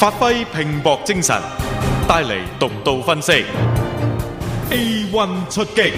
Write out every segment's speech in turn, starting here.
發揮拼搏精神，帶嚟獨到分析。A one 出擊，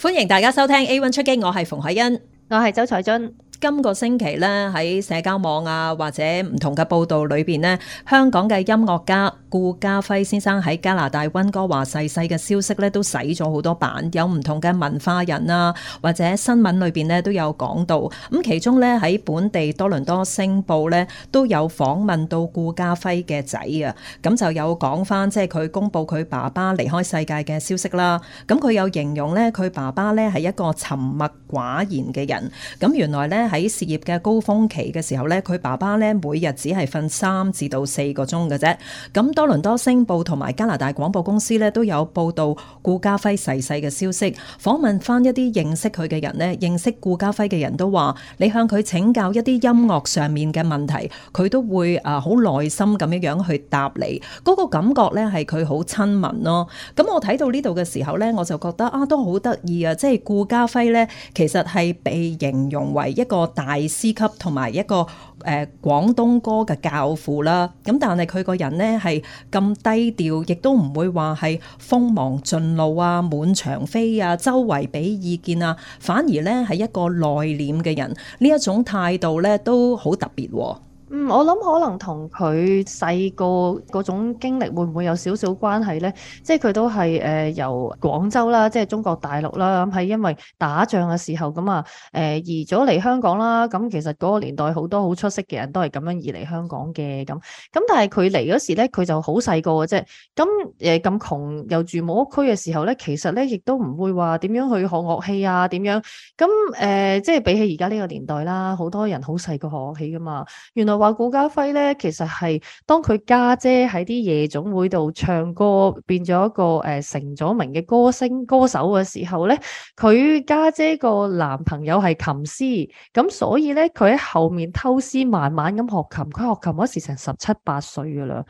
歡迎大家收聽 A one 出擊。我係馮海恩，我係周彩津。今個星期咧喺社交網啊，或者唔同嘅報道裏邊呢，香港嘅音樂家。顧嘉煇先生喺加拿大溫哥華逝世嘅消息咧，都洗咗好多版，有唔同嘅文化人啊，或者新聞裏邊咧都有講到。咁其中咧喺本地多倫多星報咧都有訪問到顧嘉煇嘅仔啊，咁就有講翻即係佢公布佢爸爸離開世界嘅消息啦。咁佢有形容呢，佢爸爸呢係一個沉默寡言嘅人。咁原來呢，喺事業嘅高峰期嘅時候呢，佢爸爸呢每日只係瞓三至到四個鐘嘅啫。咁多倫多星報同埋加拿大廣播公司咧都有報道顧嘉煇逝世嘅消息。訪問翻一啲認識佢嘅人咧，認識顧嘉煇嘅人都話：你向佢請教一啲音樂上面嘅問題，佢都會啊好耐心咁樣樣去答你。嗰、那個感覺咧係佢好親民咯。咁我睇到呢度嘅時候咧，我就覺得啊都好得意啊！即係顧嘉煇咧，其實係被形容為一個大師級同埋一個，誒廣東歌嘅教父啦，咁但係佢個人咧係咁低調，亦都唔會話係鋒芒盡露啊、滿場飛啊、周圍畀意見啊，反而咧係一個內斂嘅人，呢一種態度咧都好特別喎。嗯，我諗可能同佢細個嗰種經歷會唔會有少少關係呢？即係佢都係由廣州啦，即係中國大陸啦，咁係因為打仗嘅時候咁啊，誒移咗嚟香港啦。咁其實嗰個年代好多好出色嘅人都係咁樣移嚟香港嘅。咁咁但係佢嚟嗰時咧，佢就好細個嘅啫。咁咁窮又住冇屋區嘅時候咧，其實咧亦都唔會話點樣去學樂器啊，點樣咁，即係比起而家呢個年代啦，好多人好細個學樂器噶嘛。原來話顧嘉煇咧，其實係當佢家姐喺啲夜總會度唱歌，變咗一個誒成咗名嘅歌星歌手嘅時候咧，佢家姐個男朋友係琴師，咁所以咧佢喺後面偷師，慢慢咁學琴。佢學琴嗰時成十七八歲噶啦。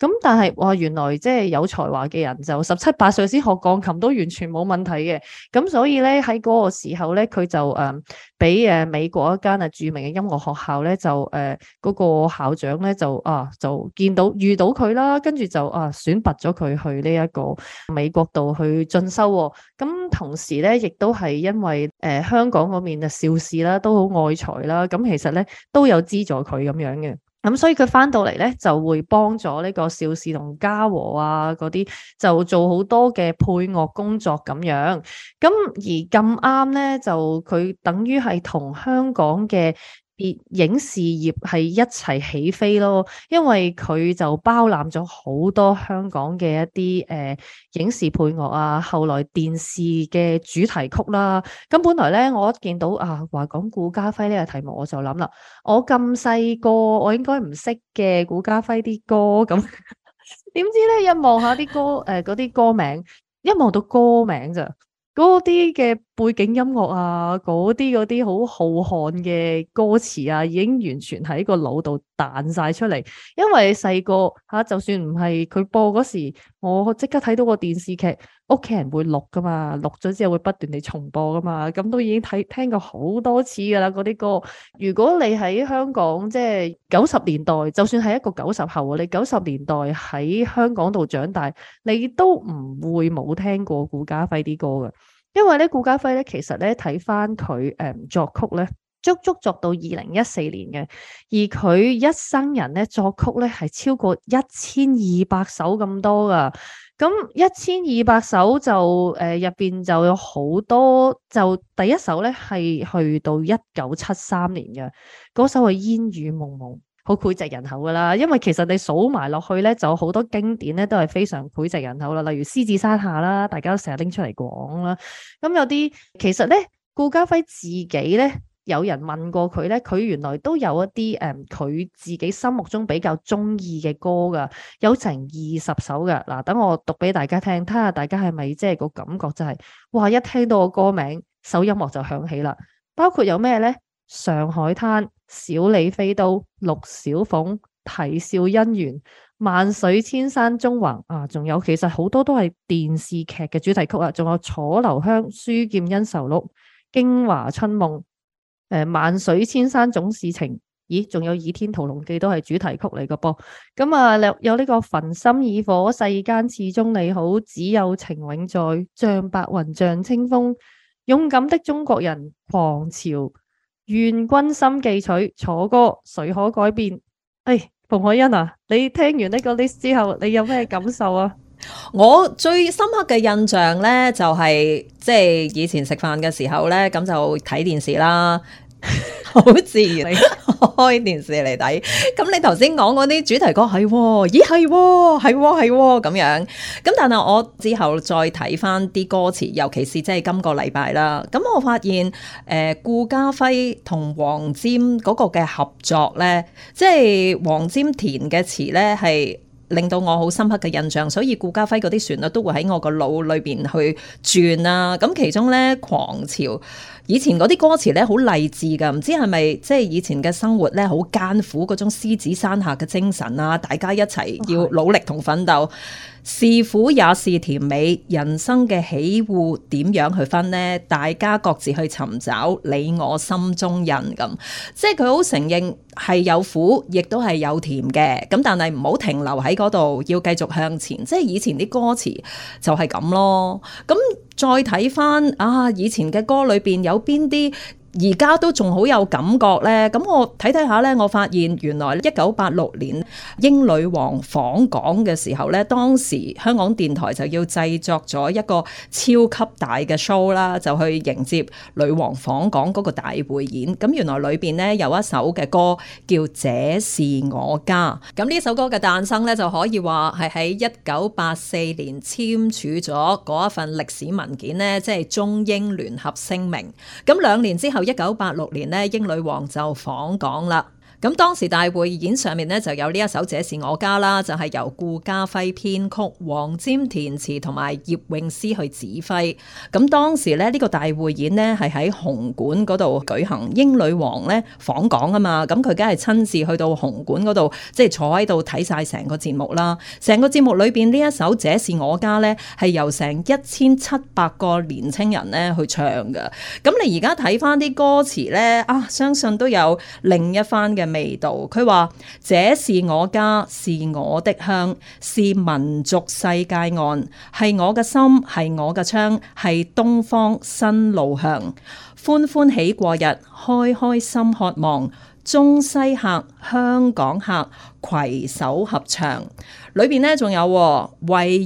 咁但係，哇，原來即係有才華嘅人就十七八歲先學鋼琴都完全冇問題嘅。咁所以呢，喺嗰個時候呢，佢就誒俾誒美國一間著名嘅音樂學校呢，就誒嗰、呃那個校長呢，就啊就見到遇到佢啦，跟住就啊選拔咗佢去呢一個美國度去進修、哦。喎。咁同時呢，亦都係因為誒、呃、香港嗰邊啊邵氏啦都好愛才啦，咁其實呢，都有資助佢咁樣嘅。咁所以佢翻到嚟咧，就會幫咗呢個邵氏同嘉禾啊、嗰啲，就做好多嘅配樂工作咁樣。咁而咁啱咧，就佢等於係同香港嘅。影視業係一齊起、起飛咯，因為佢就包攬咗好多香港嘅一啲誒、呃、影視配樂啊，後來電視嘅主題曲啦。咁、嗯、本來咧，我一見到啊話講顧嘉煇呢個題目，我就諗啦，我咁細個，我應該唔識嘅顧嘉煇啲歌咁，點知咧一望下啲歌誒嗰啲歌名，一望到歌名咋嗰啲嘅，背景音樂啊，嗰啲嗰啲好浩瀚嘅歌詞啊，已經完全喺個腦度彈晒出嚟。因為細個嚇，就算唔係佢播嗰時候，我即刻睇到個電視劇，屋企人會錄噶嘛，錄咗之後會不斷地重播噶嘛，咁都已經睇聽過好多次噶啦。嗰啲歌，如果你喺香港即係九十年代，就算係一個九十後啊，你九十年代喺香港度長大，你都唔會冇聽過顧嘉煇啲歌嘅。因為咧顧嘉煇咧，其實咧睇翻佢誒作曲咧，足足作到二零一四年嘅，而佢一生人咧作曲咧係超過一千二百首咁多噶，咁一千二百首就誒入邊就有好多，就第一首咧係去到一九七三年嘅，嗰首係煙雨濛濛。好膾炙人口噶啦，因為其實你數埋落去咧，就有好多經典咧，都係非常膾炙人口啦。例如《獅子山下》啦，大家都成日拎出嚟講啦。咁有啲其實咧，顧嘉煇自己咧，有人問過佢咧，佢原來都有一啲誒，佢、嗯、自己心目中比較中意嘅歌噶，有成二十首㗎。嗱，等我讀俾大家聽，睇下大家係咪即係個感覺就係、是，哇！一聽到個歌名，首音樂就響起啦。包括有咩咧，《上海灘》。小李飛刀、陸小鳳、啼笑姻緣、萬水千山縱橫啊，仲有，其實好多都係電視劇嘅主題曲啊，仲有楚留香、書劍恩仇錄、京華春夢、誒、呃、萬水千山總是情，咦，仲有倚天屠龍記都係主題曲嚟嘅噃，咁啊有呢、這個焚心以火、世間始終你好、只有情永在、像白雲像清風、勇敢的中國人、狂潮。願君心寄取，楚歌誰可改變？哎，馮海欣啊，你聽完呢個 list 之後，你有咩感受啊？我最深刻嘅印象呢，就係即係以前食飯嘅時候呢，咁就睇電視啦。 好自然是 開電視嚟睇，咁你頭先講嗰啲主題歌係、啊，咦係，係係咁樣，咁但係我之後再睇翻啲歌詞，尤其是即係今個禮拜啦，咁我發現誒顧嘉煇同黃霑嗰個嘅合作咧，即係黃霑填嘅詞咧係令到我好深刻嘅印象，所以顧嘉煇嗰啲旋律都會喺我個腦裏邊去轉啦，咁其中咧狂潮。以前嗰啲歌詞咧好勵志噶，唔知係咪即係以前嘅生活咧好艱苦，嗰種獅子山下嘅精神啊，大家一齊要努力同奮鬥，哦、是，是苦也是甜美，人生嘅喜惡點樣去分呢？大家各自去尋找你我心中人咁，即係佢好承認係有苦，亦都係有甜嘅。咁但係唔好停留喺嗰度，要繼續向前。即係以前啲歌詞就係咁咯，咁。再睇翻啊，以前嘅歌裏邊有邊啲？而家都仲好有感覺呢。咁我睇睇下呢，我發現原來一九八六年英女王訪港嘅時候呢，當時香港電台就要製作咗一個超級大嘅 show 啦，就去迎接女王訪港嗰個大匯演。咁原來裏邊呢有一首嘅歌叫《這是我家》。咁呢首歌嘅誕生呢就可以話係喺一九八四年簽署咗嗰一份歷史文件呢，即係中英聯合聲明。咁兩年之後。到一九八六年呢，英女王就訪港啦。咁當時大會演，上面咧就有呢一首《這是我家》啦，就係由顧嘉煇編曲、黃霑填詞同埋葉詠詩去指揮。咁當時咧呢個大會演咧係喺紅館嗰度舉行，英女王咧訪港啊嘛，咁佢梗係親自去到紅館嗰度，即係坐喺度睇晒成個節目啦。成個節目裏邊呢一首《這是我家》咧，係由成一千七百個年青人咧去唱嘅。咁你而家睇返啲歌詞咧，啊，相信都有另一番嘅。味道，佢話這是我家，是我的鄉，是民族世界岸，係我嘅心，係我嘅窗，係東方新路向，歡歡喜過日，開開心渴望，中西客。香港客攜手合唱，裏邊呢，仲有維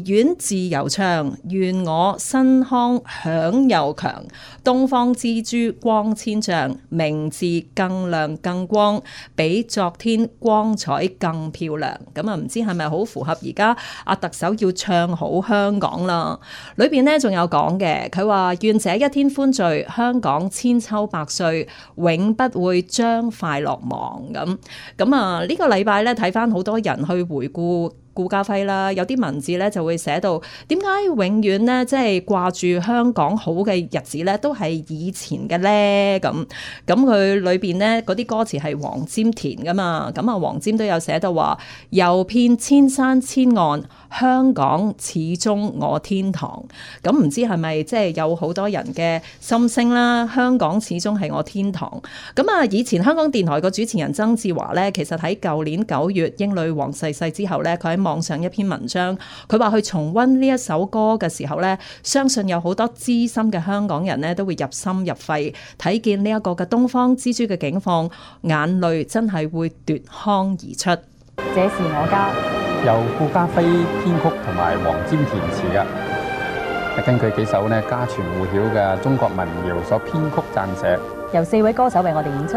園自由唱，願我新腔響又強，東方之珠光千丈，名字更亮更光，比昨天光彩更漂亮。咁啊，唔知係咪好符合而家阿特首要唱好香港啦？裏邊呢，仲有講嘅，佢話願者一天歡聚，香港千秋百歲，永不會將快樂忘咁。咁啊，這個、禮呢個禮拜咧睇返好多人去回顧。顧嘉煇啦，有啲文字咧就會寫到點解永遠咧即係掛住香港好嘅日子咧，都係以前嘅咧咁。咁佢裏邊咧嗰啲歌詞係黃霑填噶嘛，咁啊黃霑都有寫到話：遊遍千山千岸，香港始終我天堂。咁唔知係咪即係有好多人嘅心聲啦？香港始終係我天堂。咁啊，以前香港電台個主持人曾志華咧，其實喺舊年九月英女王逝世之後咧，佢喺，網上一篇文章，佢話去重溫呢一首歌嘅時候呢，相信有好多資深嘅香港人呢，都會入心入肺，睇見呢一個嘅東方之珠嘅境況，眼淚真係會奪眶而出。這是我家，由顧嘉煇編曲同埋黃霑填詞嘅，根據幾首呢家傳戶曉嘅中國民謠所編曲撰寫，由四位歌手為我哋演出。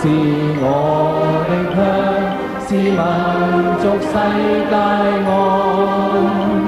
是我的家，是民族世界岸。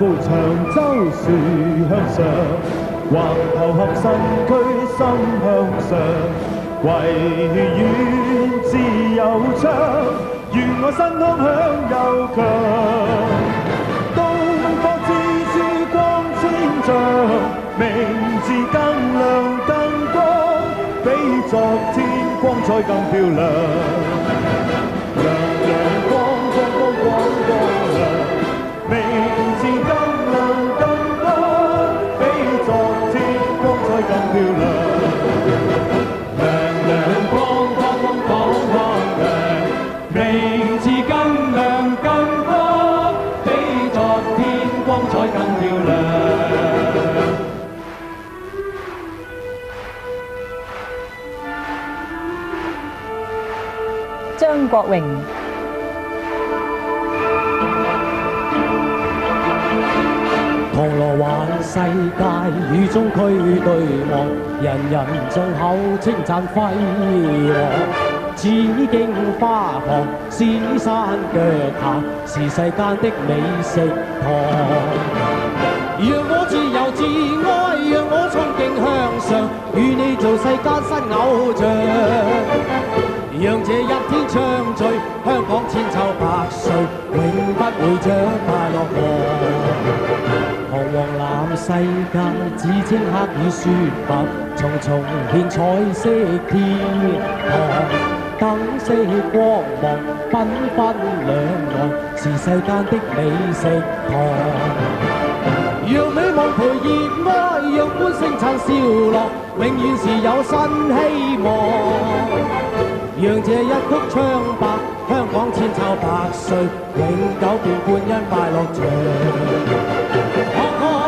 長洲樹向上，昂頭合身軀心向上，唯願自由唱，願我身康強又強。東方之珠光千丈，名字更亮更光，比昨天光彩更漂亮。張國榮。銅鑼灣世界，與中區對望，人人眾口稱讚輝煌。紫荊花旁，獅山腳下，是世間的美食堂。讓我自由自愛，讓我憧憬向上，與你做世間新偶像。讓這一天長醉，香港千秋百歲，永不會將快樂忘。紅黃藍世間，紫青黑與雪白，重重見彩色天堂。燈色光芒，繽紛兩岸，是世間的美食堂。讓美夢陪熱愛，讓歡聲襯笑樂，永遠是有新希望。讓這一曲唱罷，香港千秋百歲，永久伴觀音快樂場。Oh, oh, oh.